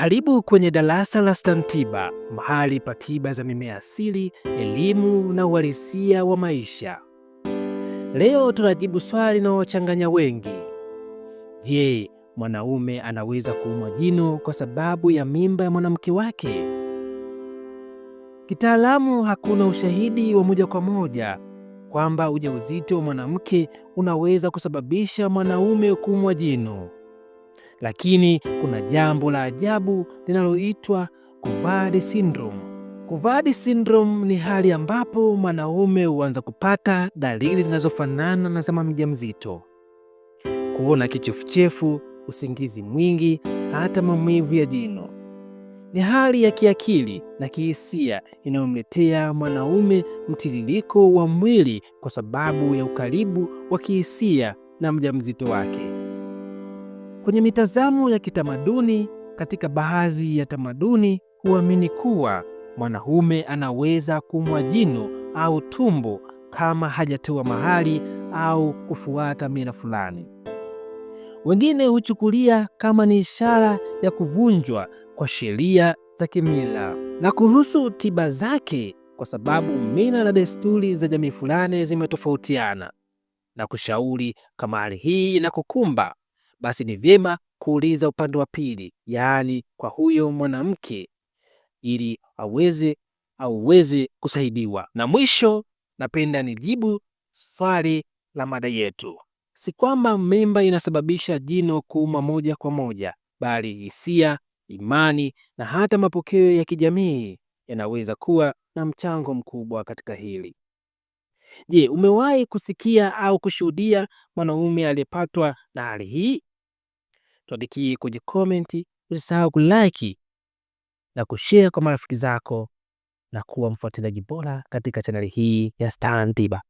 Karibu kwenye darasa la stan mahali pa tiba za mimea asili, elimu na uhalisia wa maisha. Leo tunajibu swali wachanganya wengi. Je, mwanaume anaweza kuumwa jino kwa sababu ya mimba ya mwanamke wake? Kitaalamu, hakuna ushahidi wa moja kwa moja kwamba ujauzito wa mwanamke unaweza kusababisha mwanaume kuumwa jino. Lakini kuna jambo la ajabu linaloitwa Coverdy syndrome. Coverdy syndrome ni hali ambapo mwanaume huanza kupata dalili zinazofanana na za mjamzito: kuona kichefuchefu, usingizi mwingi, hata maumivu ya jino. Ni hali ya kiakili na kihisia inayomletea mwanaume mtiririko wa mwili kwa sababu ya ukaribu wa kihisia na mjamzito wake. Kwenye mitazamo ya kitamaduni, katika baadhi ya tamaduni huamini kuwa mwanaume anaweza kumwa jino au tumbo kama hajatoa mahali au kufuata mila fulani. Wengine huchukulia kama ni ishara ya kuvunjwa kwa sheria za kimila. Na kuhusu tiba zake, kwa sababu mila na desturi za jamii fulani zimetofautiana, na kushauri kama hali hii inakukumba, basi ni vyema kuuliza upande wa pili, yaani kwa huyo mwanamke, ili aweze auweze kusaidiwa. Na mwisho, napenda nijibu swali la mada yetu, si kwamba mimba inasababisha jino kuuma moja kwa moja, bali hisia, imani na hata mapokeo ya kijamii yanaweza kuwa na mchango mkubwa katika hili. Je, umewahi kusikia au kushuhudia mwanaume aliyepatwa na hali hii? tuandikie kwenye komenti. Usisahau kulike na kushare kwa marafiki zako na kuwa mfuatiliaji bora katika chaneli hii ya Stan Tiba.